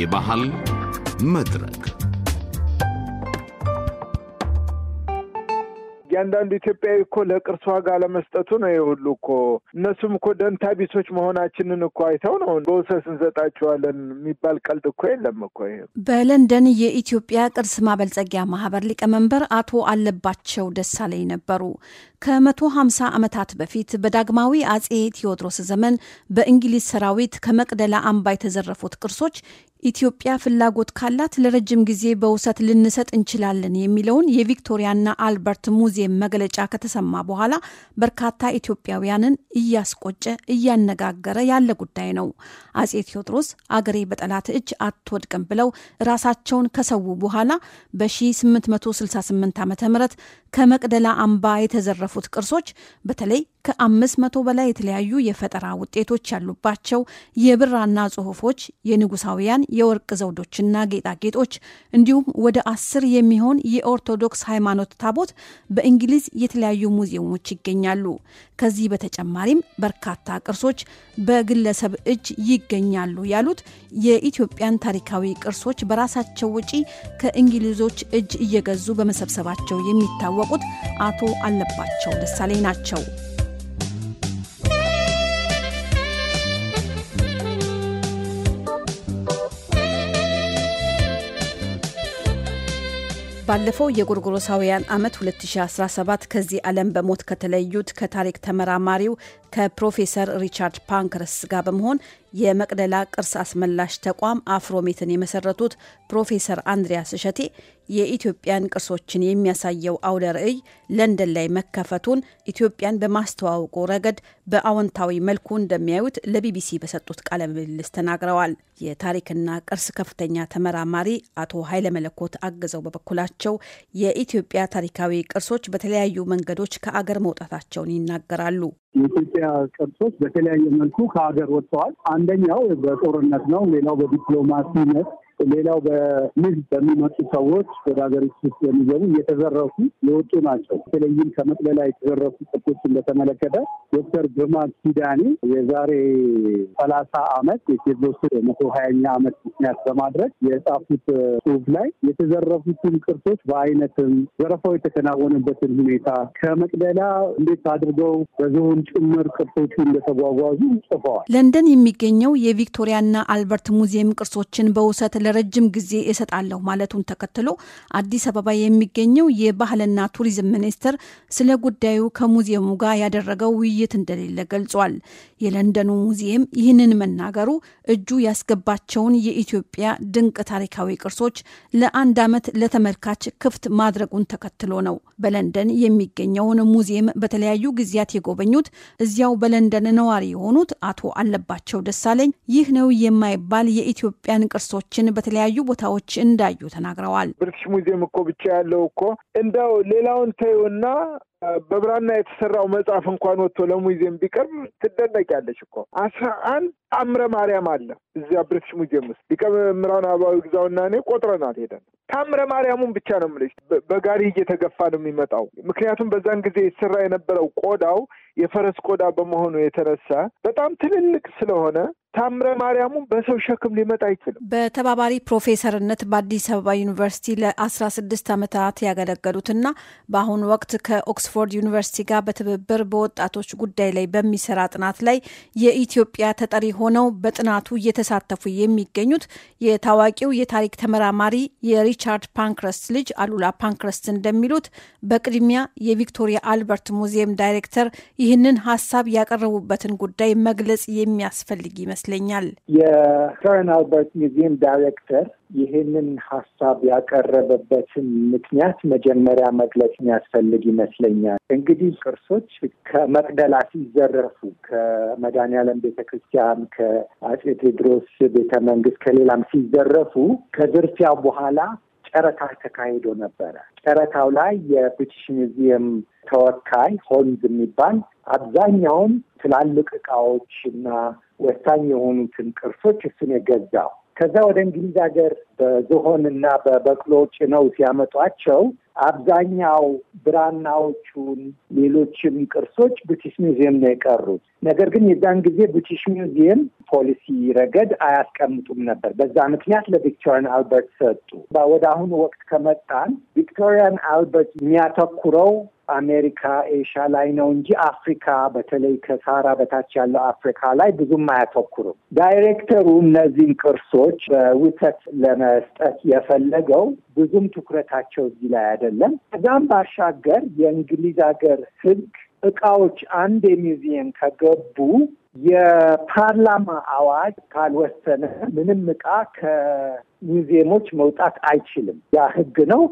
የባህል መድረክ እያንዳንዱ ኢትዮጵያዊ እኮ ለቅርስ ዋጋ ለመስጠቱ ነው። የሁሉ እኮ እነሱም እኮ ደንታ ቢሶች መሆናችንን እኮ አይተው ነው በውሰስ እንሰጣቸዋለን የሚባል ቀልድ እኮ የለም እኮ። በለንደን የኢትዮጵያ ቅርስ ማበልጸጊያ ማህበር ሊቀመንበር አቶ አለባቸው ደሳለኝ ነበሩ። ከመቶ ሃምሳ ዓመታት በፊት በዳግማዊ አጼ ቴዎድሮስ ዘመን በእንግሊዝ ሰራዊት ከመቅደላ አምባ የተዘረፉት ቅርሶች ኢትዮጵያ ፍላጎት ካላት ለረጅም ጊዜ በውሰት ልንሰጥ እንችላለን የሚለውን የቪክቶሪያና አልበርት ሙዚየም መግለጫ ከተሰማ በኋላ በርካታ ኢትዮጵያውያንን እያስቆጨ እያነጋገረ ያለ ጉዳይ ነው። አጼ ቴዎድሮስ አገሬ በጠላት እጅ አትወድቅም ብለው ራሳቸውን ከሰዉ በኋላ በ1868 ዓ ም ከመቅደላ አምባ የተዘረፉት ቅርሶች በተለይ ከአምስት መቶ በላይ የተለያዩ የፈጠራ ውጤቶች ያሉባቸው የብራና ጽሑፎች፣ የንጉሳውያን የወርቅ ዘውዶችና ጌጣጌጦች እንዲሁም ወደ አስር የሚሆን የኦርቶዶክስ ሃይማኖት ታቦት በእንግሊዝ የተለያዩ ሙዚየሞች ይገኛሉ። ከዚህ በተጨማሪም በርካታ ቅርሶች በግለሰብ እጅ ይገኛሉ ያሉት የኢትዮጵያን ታሪካዊ ቅርሶች በራሳቸው ውጪ ከእንግሊዞች እጅ እየገዙ በመሰብሰባቸው የሚታወቁት አቶ አለባቸው ደሳለኝ ናቸው። ባለፈው የጎርጎሮሳውያን ዓመት 2017 ከዚህ ዓለም በሞት ከተለዩት ከታሪክ ተመራማሪው ከፕሮፌሰር ሪቻርድ ፓንክረስ ጋር በመሆን የመቅደላ ቅርስ አስመላሽ ተቋም አፍሮሜትን የመሰረቱት ፕሮፌሰር አንድሪያስ እሸቴ የኢትዮጵያን ቅርሶችን የሚያሳየው አውደ ርዕይ ለንደን ላይ መከፈቱን ኢትዮጵያን በማስተዋወቁ ረገድ በአዎንታዊ መልኩ እንደሚያዩት ለቢቢሲ በሰጡት ቃለ ምልልስ ተናግረዋል። የታሪክና ቅርስ ከፍተኛ ተመራማሪ አቶ ኃይለ መለኮት አግዘው በበኩላቸው የኢትዮጵያ ታሪካዊ ቅርሶች በተለያዩ መንገዶች ከአገር መውጣታቸውን ይናገራሉ። የኢትዮጵያ ቅርሶች በተለያየ መልኩ ከሀገር ወጥተዋል። አንደኛው በጦርነት ነው፣ ሌላው በዲፕሎማሲነት ሌላው በንግድ በሚመጡ ሰዎች ወደ ሀገሪቱ ውስጥ የሚገቡ እየተዘረፉ የወጡ ናቸው። በተለይም ከመቅደላ የተዘረፉ ጥቆች እንደተመለከተ ዶክተር ግርማ ኪዳኔ የዛሬ ሰላሳ ዓመት የቴድሮስ መቶ ሀያኛ አመት ምክንያት በማድረግ የጻፉት ጽሁፍ ላይ የተዘረፉትን ቅርሶች በአይነትም ዘረፋው የተከናወነበትን ሁኔታ ከመቅደላ እንዴት አድርገው በዞን ጭምር ቅርሶቹ እንደተጓጓዙ ጽፈዋል። ለንደን የሚገኘው የቪክቶሪያና አልበርት ሙዚየም ቅርሶችን በውሰት ለረጅም ጊዜ እሰጣለሁ ማለቱን ተከትሎ አዲስ አበባ የሚገኘው የባህልና ቱሪዝም ሚኒስቴር ስለ ጉዳዩ ከሙዚየሙ ጋር ያደረገው ውይይት እንደሌለ ገልጿል። የለንደኑ ሙዚየም ይህንን መናገሩ እጁ ያስገባቸውን የኢትዮጵያ ድንቅ ታሪካዊ ቅርሶች ለአንድ ዓመት ለተመልካች ክፍት ማድረጉን ተከትሎ ነው። በለንደን የሚገኘውን ሙዚየም በተለያዩ ጊዜያት የጎበኙት እዚያው በለንደን ነዋሪ የሆኑት አቶ አለባቸው ደሳለኝ ይህ ነው የማይባል የኢትዮጵያን ቅርሶችን በተለያዩ ቦታዎች እንዳዩ ተናግረዋል። ብሪትሽ ሙዚየም እኮ ብቻ ያለው እኮ እንደው ሌላውን ተዩና በብራና የተሰራው መጽሐፍ እንኳን ወጥቶ ለሙዚየም ቢቀርብ ትደነቂያለች እኮ። አስራ አንድ ታምረ ማርያም አለ እዚያ ብሪትሽ ሙዚየም ውስጥ ሊቀመምራን አባዊ ግዛውና እኔ ቆጥረናል ሄደን። ታምረ ማርያሙን ብቻ ነው የምልሽ፣ በጋሪ እየተገፋ ነው የሚመጣው። ምክንያቱም በዛን ጊዜ የተሰራ የነበረው ቆዳው የፈረስ ቆዳ በመሆኑ የተነሳ በጣም ትልልቅ ስለሆነ ታምረ ማርያሙን በሰው ሸክም ሊመጣ አይችልም። በተባባሪ ፕሮፌሰርነት በአዲስ አበባ ዩኒቨርሲቲ ለአስራ ስድስት ዓመታት ያገለገሉትና በአሁኑ ወቅት ከኦክስፎርድ ዩኒቨርሲቲ ጋር በትብብር በወጣቶች ጉዳይ ላይ በሚሰራ ጥናት ላይ የኢትዮጵያ ተጠሪ ሆነው በጥናቱ እየተሳተፉ የሚገኙት የታዋቂው የታሪክ ተመራማሪ የሪቻርድ ፓንክረስት ልጅ አሉላ ፓንክረስት እንደሚሉት በቅድሚያ የቪክቶሪያ አልበርት ሙዚየም ዳይሬክተር ይህንን ሀሳብ ያቀረቡበትን ጉዳይ መግለጽ የሚያስፈልግ ይመስላል። ይመስለኛል። የከረን አልበርት ሚዚየም ዳይሬክተር ይህንን ሀሳብ ያቀረበበትን ምክንያት መጀመሪያ መግለጽ የሚያስፈልግ ይመስለኛል። እንግዲህ ቅርሶች ከመቅደላ ሲዘረፉ ከመድኃኔዓለም ቤተ ክርስቲያን፣ ከአጼ ቴዎድሮስ ቤተ መንግስት፣ ከሌላም ሲዘረፉ ከዝርፊያው በኋላ ጨረታ ተካሂዶ ነበረ። ጨረታው ላይ የብሪቲሽ ሚዚየም ተወካይ ሆንዝ የሚባል አብዛኛውን ትላልቅ እቃዎች እና ወሳኝ የሆኑትን ቅርሶች እሱን የገዛው ከዛ ወደ እንግሊዝ ሀገር በዝሆን እና በበቅሎ ጭነው ሲያመጧቸው አብዛኛው ብራናዎቹን ሌሎችም ቅርሶች ብሪቲሽ ሚውዚየም ነው የቀሩት። ነገር ግን የዛን ጊዜ ብሪቲሽ ሚውዚየም ፖሊሲ ረገድ አያስቀምጡም ነበር። በዛ ምክንያት ለቪክቶሪያን አልበርት ሰጡ። ወደ አሁኑ ወቅት ከመጣን ቪክቶሪያን አልበርት የሚያተኩረው አሜሪካ፣ ኤሻ ላይ ነው እንጂ አፍሪካ በተለይ ከሳራ በታች ያለው አፍሪካ ላይ ብዙም አያተኩርም። ዳይሬክተሩ እነዚህን ቅርሶች በውተት ለመስጠት የፈለገው ብዙም ትኩረታቸው እዚህ ላይ አይደለም። ከዛም ባሻገር የእንግሊዝ ሀገር ሕግ እቃዎች አንድ የሚውዚየም ከገቡ የፓርላማ አዋጅ ካልወሰነ ምንም እቃ ከሚዚየሞች መውጣት አይችልም። ያ ሕግ ነው።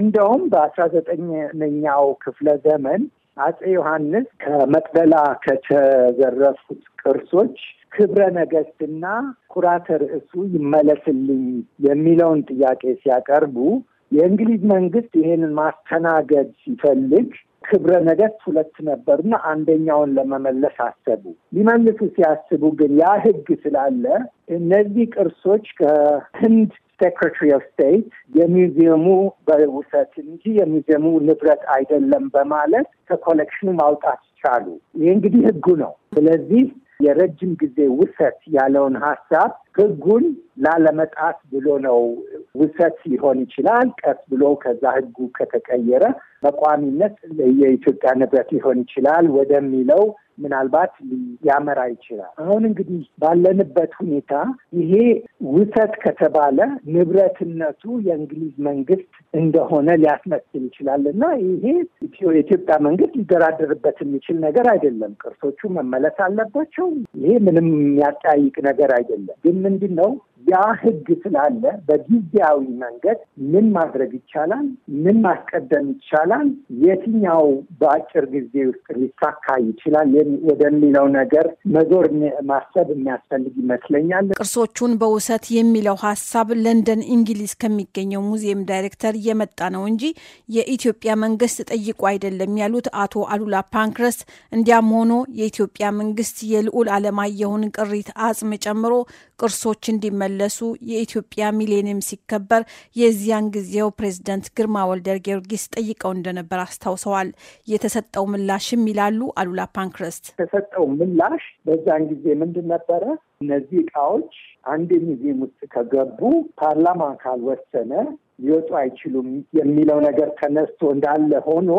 እንደውም በአስራ ዘጠነኛው ክፍለ ዘመን አጼ ዮሐንስ ከመቅደላ ከተዘረፉት ቅርሶች ክብረ ነገስትና ኩራተ ርዕሱ ይመለስልኝ የሚለውን ጥያቄ ሲያቀርቡ የእንግሊዝ መንግስት ይሄንን ማስተናገድ ሲፈልግ ክብረ ነገስት ሁለት ነበርና አንደኛውን ለመመለስ አሰቡ። ሊመልሱ ሲያስቡ ግን ያ ህግ ስላለ እነዚህ ቅርሶች ከህንድ ሴክሬታሪ ኦፍ ስቴት የሚዚየሙ በውሰት እንጂ የሚዚየሙ ንብረት አይደለም በማለት ከኮሌክሽኑ ማውጣት ቻሉ። ይህ እንግዲህ ህጉ ነው። ስለዚህ የረጅም ጊዜ ውሰት ያለውን ሀሳብ ህጉን ላለመጣት ብሎ ነው ውሰት ሊሆን ይችላል። ቀስ ብሎ ከዛ ህጉ ከተቀየረ በቋሚነት የኢትዮጵያ ንብረት ሊሆን ይችላል ወደሚለው ምናልባት ሊያመራ ይችላል። አሁን እንግዲህ ባለንበት ሁኔታ ይሄ ውሰት ከተባለ ንብረትነቱ የእንግሊዝ መንግስት እንደሆነ ሊያስመስል ይችላል እና ይሄ የኢትዮጵያ መንግስት ሊደራደርበት የሚችል ነገር አይደለም። ቅርሶቹ መመለስ አለባቸው። ይሄ ምንም የሚያጠያይቅ ነገር አይደለም። ግን ምንድን ነው ያ ህግ ስላለ በጊዜያዊ መንገድ ምን ማድረግ ይቻላል፣ ምን ማስቀደም ይቻላል፣ የትኛው በአጭር ጊዜ ውስጥ ሊሳካ ይችላል ወደሚለው ነገር መዞር ማሰብ የሚያስፈልግ ይመስለኛል። ቅርሶቹን በውሰት የሚለው ሀሳብ ለንደን እንግሊዝ ከሚገኘው ሙዚየም ዳይሬክተር የመጣ ነው እንጂ የኢትዮጵያ መንግስት ጠይቆ አይደለም ያሉት አቶ አሉላ ፓንክረስ፣ እንዲያም ሆኖ የኢትዮጵያ መንግስት የልዑል አለማየሁን ቅሪት አጽም ጨምሮ ቅርሶች እንዲመለሱ የኢትዮጵያ ሚሌኒየም ሲከበር የዚያን ጊዜው ፕሬዝደንት ግርማ ወልደ ጊዮርጊስ ጠይቀው እንደነበር አስታውሰዋል። የተሰጠው ምላሽም ይላሉ አሉላ ፓንክረስት የተሰጠው ምላሽ በዛን ጊዜ ምንድን ነበረ? እነዚህ እቃዎች አንድ ሙዚየም ውስጥ ከገቡ ፓርላማ ካልወሰነ ሊወጡ አይችሉም የሚለው ነገር ተነስቶ እንዳለ ሆኖ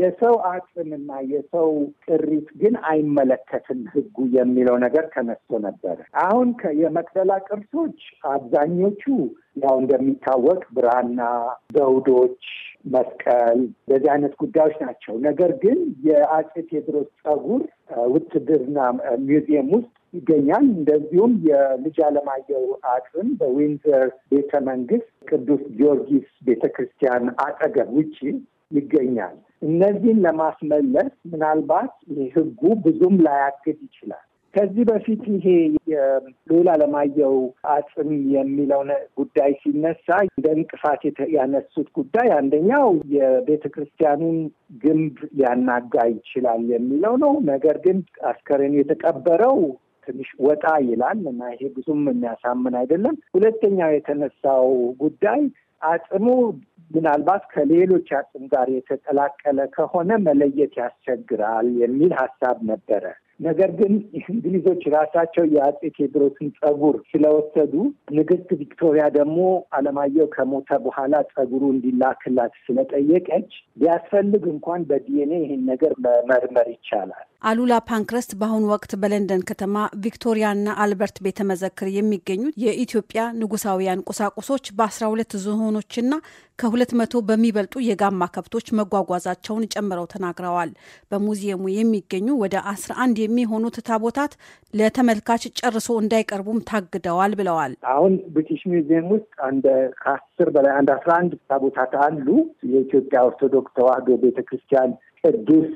የሰው አቅምና የሰው ቅሪት ግን አይመለከትም ህጉ የሚለው ነገር ተነስቶ ነበረ። አሁን የመቅደላ ቅርሶች አብዛኞቹ ያው እንደሚታወቅ ብራና፣ ዘውዶች መስቀል እንደዚህ አይነት ጉዳዮች ናቸው። ነገር ግን የአጼ ቴዎድሮስ ጸጉር ውትድርና ሚውዚየም ውስጥ ይገኛል። እንደዚሁም የልጅ አለማየሁ አጥርን በዊንዘር ቤተ መንግስት ቅዱስ ጊዮርጊስ ቤተ ክርስቲያን አጠገብ ውጪ ይገኛል። እነዚህን ለማስመለስ ምናልባት ህጉ ብዙም ላያግድ ይችላል። ከዚህ በፊት ይሄ የልዑል አለማየሁ አጽም የሚለው ጉዳይ ሲነሳ እንደ እንቅፋት ያነሱት ጉዳይ አንደኛው የቤተ ክርስቲያኑን ግንብ ሊያናጋ ይችላል የሚለው ነው። ነገር ግን አስከሬኑ የተቀበረው ትንሽ ወጣ ይላል እና ይሄ ብዙም የሚያሳምን አይደለም። ሁለተኛው የተነሳው ጉዳይ አጽሙ ምናልባት ከሌሎች አጽም ጋር የተቀላቀለ ከሆነ መለየት ያስቸግራል የሚል ሀሳብ ነበረ። ነገር ግን እንግሊዞች ራሳቸው የአጼ ቴዎድሮስን ጸጉር ስለወሰዱ ንግስት ቪክቶሪያ ደግሞ አለማየሁ ከሞተ በኋላ ጸጉሩ እንዲላክላት ስለጠየቀች ቢያስፈልግ እንኳን በዲኤንኤ ይህን ነገር መመርመር ይቻላል አሉላ ፓንክረስት በአሁኑ ወቅት በለንደን ከተማ ቪክቶሪያና አልበርት ቤተ መዘክር የሚገኙት የኢትዮጵያ ንጉሳውያን ቁሳቁሶች በ12 ዝሆኖችና ከ200 በሚበልጡ የጋማ ከብቶች መጓጓዛቸውን ጨምረው ተናግረዋል። በሙዚየሙ የሚገኙ ወደ 11 የሚሆኑት ታቦታት ለተመልካች ጨርሶ እንዳይቀርቡም ታግደዋል ብለዋል። አሁን ብሪቲሽ ሚዚየም ውስጥ አንድ ከአስር በላይ አንድ አስራ አንድ ታቦታት አሉ። የኢትዮጵያ ኦርቶዶክስ ተዋህዶ ቤተክርስቲያን ቅዱስ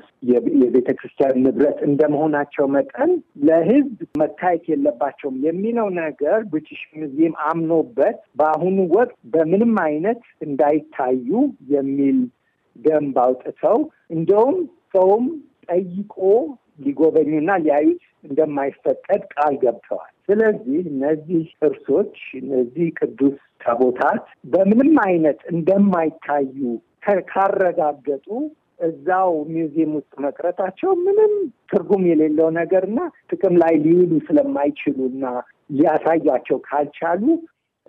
የቤተ ክርስቲያን ንብረት እንደመሆናቸው መጠን ለሕዝብ መታየት የለባቸውም የሚለው ነገር ብሪቲሽ ሙዚየም አምኖበት በአሁኑ ወቅት በምንም አይነት እንዳይታዩ የሚል ደንብ አውጥተው እንደውም ሰውም ጠይቆ ሊጎበኙና ሊያዩት እንደማይፈቀድ ቃል ገብተዋል። ስለዚህ እነዚህ እርሶች እነዚህ ቅዱስ ታቦታት በምንም አይነት እንደማይታዩ ካረጋገጡ እዛው ሚውዚየም ውስጥ መቅረታቸው ምንም ትርጉም የሌለው ነገር እና ጥቅም ላይ ሊውሉ ስለማይችሉ እና ሊያሳያቸው ካልቻሉ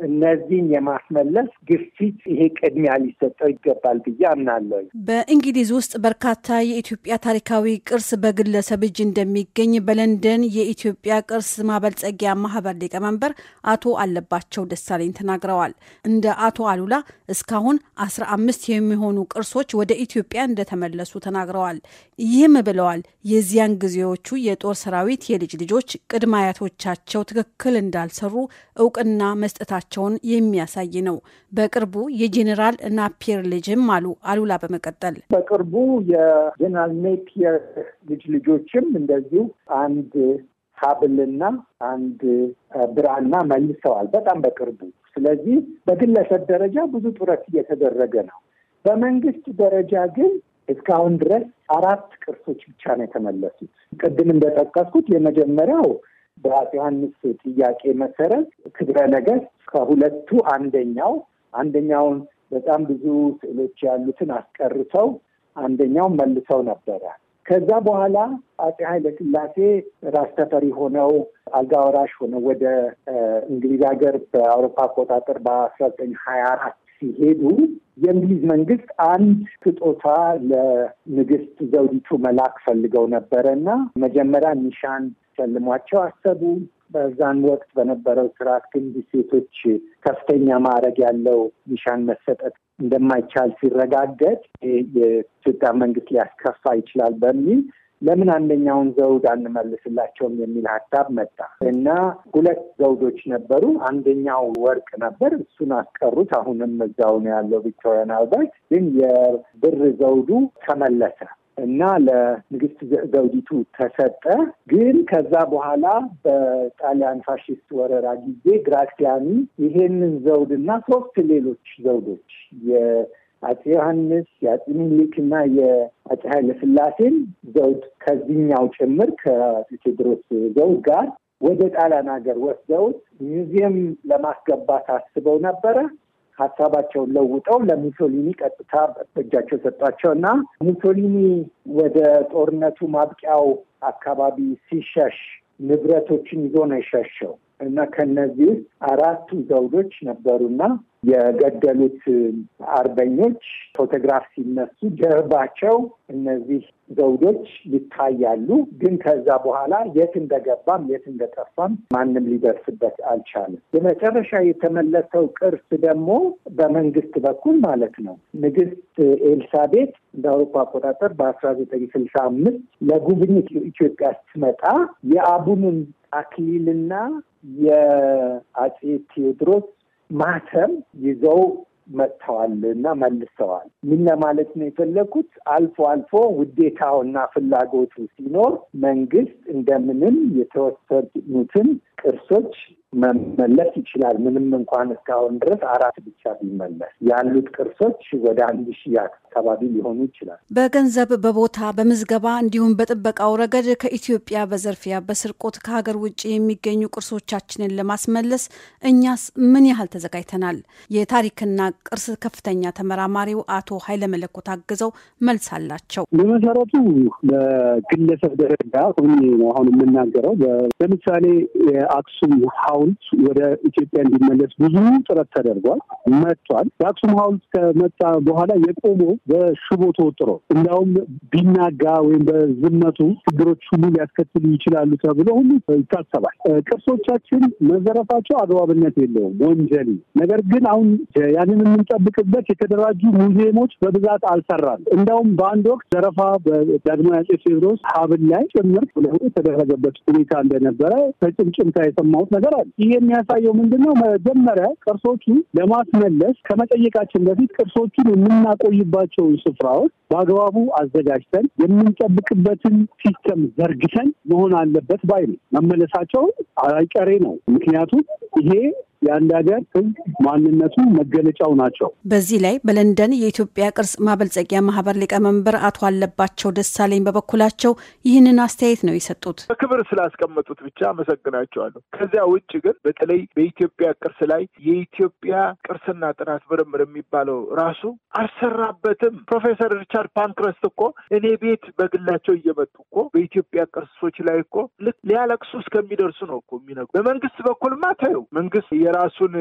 እነዚህን የማስመለስ ግፊት ይሄ ቅድሚያ ሊሰጠው ይገባል ብዬ አምናለሁ። በእንግሊዝ ውስጥ በርካታ የኢትዮጵያ ታሪካዊ ቅርስ በግለሰብ እጅ እንደሚገኝ በለንደን የኢትዮጵያ ቅርስ ማበልጸጊያ ማህበር ሊቀመንበር አቶ አለባቸው ደሳለኝ ተናግረዋል። እንደ አቶ አሉላ እስካሁን አስራ አምስት የሚሆኑ ቅርሶች ወደ ኢትዮጵያ እንደተመለሱ ተናግረዋል። ይህም ብለዋል የዚያን ጊዜዎቹ የጦር ሰራዊት የልጅ ልጆች ቅድማያቶቻቸው ትክክል እንዳልሰሩ እውቅና መስጠታቸው መኖራቸውን የሚያሳይ ነው። በቅርቡ የጄኔራል ናፒየር ልጅም አሉ አሉላ በመቀጠል በቅርቡ የጄኔራል ኔፒየር ልጅ ልጆችም እንደዚሁ አንድ ሀብልና አንድ ብራና መልሰዋል በጣም በቅርቡ። ስለዚህ በግለሰብ ደረጃ ብዙ ጥረት እየተደረገ ነው። በመንግስት ደረጃ ግን እስካሁን ድረስ አራት ቅርሶች ብቻ ነው የተመለሱት። ቅድም እንደጠቀስኩት የመጀመሪያው በአፄ ዮሐንስ ጥያቄ መሰረት ክብረ ነገስት ከሁለቱ አንደኛው አንደኛውን በጣም ብዙ ስዕሎች ያሉትን አስቀርተው አንደኛውን መልሰው ነበረ። ከዛ በኋላ አፄ ኃይለ ሥላሴ ራስ ተፈሪ ሆነው አልጋ ወራሽ ሆነው ወደ እንግሊዝ ሀገር በአውሮፓ አቆጣጠር በአስራ ዘጠኝ ሀያ አራት ሲሄዱ የእንግሊዝ መንግስት አንድ ስጦታ ለንግስት ዘውዲቱ መላክ ፈልገው ነበረ እና መጀመሪያ ኒሻን ሊያሰልሟቸው አሰቡ። በዛን ወቅት በነበረው ስርዓት ግን ሴቶች ከፍተኛ ማዕረግ ያለው ኒሻን መሰጠት እንደማይቻል ሲረጋገጥ የኢትዮጵያ መንግስት ሊያስከፋ ይችላል በሚል ለምን አንደኛውን ዘውድ አንመልስላቸውም የሚል ሀሳብ መጣ እና ሁለት ዘውዶች ነበሩ። አንደኛው ወርቅ ነበር፣ እሱን አስቀሩት። አሁንም እዛው ነው ያለው ቪክቶሪያን አልበርት። ግን የብር ዘውዱ ተመለሰ። እና ለንግስት ዘውዲቱ ተሰጠ። ግን ከዛ በኋላ በጣሊያን ፋሽስት ወረራ ጊዜ ግራዚያኒ ይሄንን ዘውድ እና ሶስት ሌሎች ዘውዶች የአጼ ዮሐንስ የአጼ ምኒልክ እና የአጼ የአፄ ስላሴን ዘውድ ከዚህኛው ጭምር ከአፄ ቴዎድሮስ ዘውድ ጋር ወደ ጣሊያን ሀገር ወስደውት ሚውዚየም ለማስገባት አስበው ነበረ። ሀሳባቸውን ለውጠው ለሙሶሊኒ ቀጥታ በእጃቸው ሰጧቸው እና ሙሶሊኒ ወደ ጦርነቱ ማብቂያው አካባቢ ሲሸሽ ንብረቶችን ይዞ ነው የሸሸው። እና ከነዚህ ውስጥ አራቱ ዘውዶች ነበሩና የገደሉት አርበኞች ፎቶግራፍ ሲነሱ ጀርባቸው እነዚህ ዘውዶች ይታያሉ። ግን ከዛ በኋላ የት እንደገባም የት እንደጠፋም ማንም ሊደርስበት አልቻለም። የመጨረሻ የተመለሰው ቅርስ ደግሞ በመንግስት በኩል ማለት ነው ንግስት ኤልሳቤት እንደ አውሮፓ አቆጣጠር በአስራ ዘጠኝ ስልሳ አምስት ለጉብኝት ኢትዮጵያ ስትመጣ የአቡኑን አክሊልና የአጼ ቴዎድሮስ ማተም ይዘው መጥተዋል እና መልሰዋል። ምን ለማለት ነው የፈለግኩት? አልፎ አልፎ ውዴታውና ፍላጎቱ ሲኖር መንግስት እንደምንም የተወሰኑትን ቅርሶች መመለስ ይችላል። ምንም እንኳን እስካሁን ድረስ አራት ብቻ ቢመለስ ያሉት ቅርሶች ወደ አንድ ሺህ አካባቢ ሊሆኑ ይችላል። በገንዘብ፣ በቦታ፣ በምዝገባ እንዲሁም በጥበቃው ረገድ ከኢትዮጵያ በዘርፊያ በስርቆት ከሀገር ውጭ የሚገኙ ቅርሶቻችንን ለማስመለስ እኛስ ምን ያህል ተዘጋጅተናል? የታሪክና ቅርስ ከፍተኛ ተመራማሪው አቶ ኃይለ መለኮት አግዘው መልስ አላቸው። በመሰረቱ በግለሰብ ደረጃ አሁን የምናገረው ለምሳሌ የአክሱም ሐውልት ወደ ኢትዮጵያ እንዲመለስ ብዙ ጥረት ተደርጓል። መጥቷል። የአክሱም ሐውልት ከመጣ በኋላ የቆመው በሽቦ ተወጥሮ እንዲያውም ቢናጋ ወይም በዝመቱ ችግሮች ሁሉ ሊያስከትሉ ይችላሉ ተብሎ ሁሉ ይታሰባል። ቅርሶቻችን መዘረፋቸው አግባብነት የለውም ወንጀል። ነገር ግን አሁን ያንን የምንጠብቅበት የተደራጁ ሙዚየሞች በብዛት አልሰራም። እንዲያውም በአንድ ወቅት ዘረፋ በዳግማዊ አፄ ቴዎድሮስ ሀብል ላይ ጭምር የተደረገበት ሁኔታ እንደነበረ ከጭምጭምታ የሰማሁት ነገር አለ። ይህ የሚያሳየው ምንድነው? መጀመሪያ ቅርሶቹን ለማስመለስ ከመጠየቃችን በፊት ቅርሶቹን የምናቆይባቸውን ስፍራዎች በአግባቡ አዘጋጅተን የምንጠብቅበትን ሲስተም ዘርግተን መሆን አለበት ባይ ነው። መመለሳቸው አይቀሬ ነው። ምክንያቱም ይሄ የአንድ ሀገር ህዝብ ማንነቱ መገለጫው ናቸው። በዚህ ላይ በለንደን የኢትዮጵያ ቅርስ ማበልጸጊያ ማህበር ሊቀመንበር አቶ አለባቸው ደሳለኝ በበኩላቸው ይህንን አስተያየት ነው የሰጡት። በክብር ስላስቀመጡት ብቻ አመሰግናቸዋለሁ። ከዚያ ውጭ ግን በተለይ በኢትዮጵያ ቅርስ ላይ የኢትዮጵያ ቅርስና ጥናት ምርምር የሚባለው ራሱ አልሰራበትም። ፕሮፌሰር ሪቻርድ ፓንክረስት እኮ እኔ ቤት በግላቸው እየመጡ እኮ በኢትዮጵያ ቅርሶች ላይ እኮ ልክ ሊያለቅሱ እስከሚደርሱ ነው እኮ የሚነግሩ። በመንግስት በኩልማ ተይው መንግስት የራሱን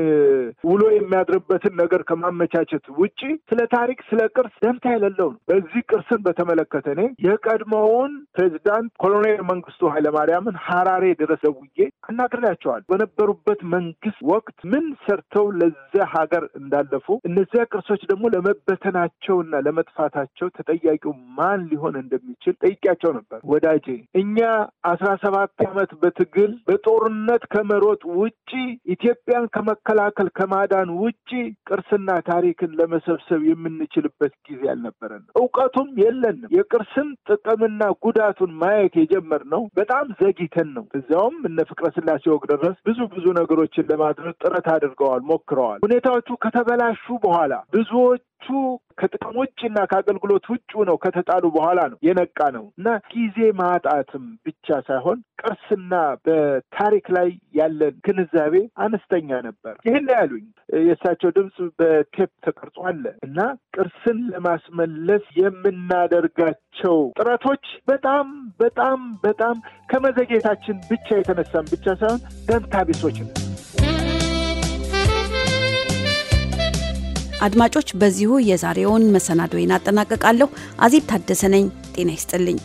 ውሎ የሚያድርበትን ነገር ከማመቻቸት ውጪ ስለ ታሪክ፣ ስለ ቅርስ ደንታ የሌለው ነው። በዚህ ቅርስን በተመለከተ እኔ የቀድሞውን ፕሬዚዳንት ኮሎኔል መንግስቱ ኃይለማርያምን ሀራሬ ድረስ ደውዬ አናግሬያቸዋለሁ። በነበሩበት መንግስት ወቅት ምን ሰርተው ለዚያ ሀገር እንዳለፉ እነዚያ ቅርሶች ደግሞ ለመበተናቸው ና ለመጥፋታቸው ተጠያቂው ማን ሊሆን እንደሚችል ጠይቄያቸው ነበር። ወዳጄ እኛ አስራ ሰባት ዓመት በትግል በጦርነት ከመሮጥ ውጪ ኢትዮጵያ ኢትዮጵያን ከመከላከል ከማዳን ውጪ ቅርስና ታሪክን ለመሰብሰብ የምንችልበት ጊዜ አልነበረንም፣ እውቀቱም የለንም። የቅርስን ጥቅምና ጉዳቱን ማየት የጀመርነው በጣም ዘግይተን ነው። እዚያውም እነ ፍቅረ ስላሴ ወግ ድረስ ብዙ ብዙ ነገሮችን ለማድረግ ጥረት አድርገዋል፣ ሞክረዋል። ሁኔታዎቹ ከተበላሹ በኋላ ብዙዎች ሁለቱ ከጥቅም ውጭና ከአገልግሎት ውጭ ነው ከተጣሉ በኋላ ነው የነቃ ነው እና ጊዜ ማጣትም ብቻ ሳይሆን ቅርስና በታሪክ ላይ ያለን ግንዛቤ አነስተኛ ነበር። ይህን ያሉኝ የእሳቸው ድምፅ በቴፕ ተቀርጾ አለ እና ቅርስን ለማስመለስ የምናደርጋቸው ጥረቶች በጣም በጣም በጣም ከመዘጌታችን ብቻ የተነሳም ብቻ ሳይሆን ደንታቢሶች ነው። አድማጮች፣ በዚሁ የዛሬውን መሰናዶዬን አጠናቀቃለሁ። አዜብ ታደሰ ነኝ። ጤና ይስጥልኝ።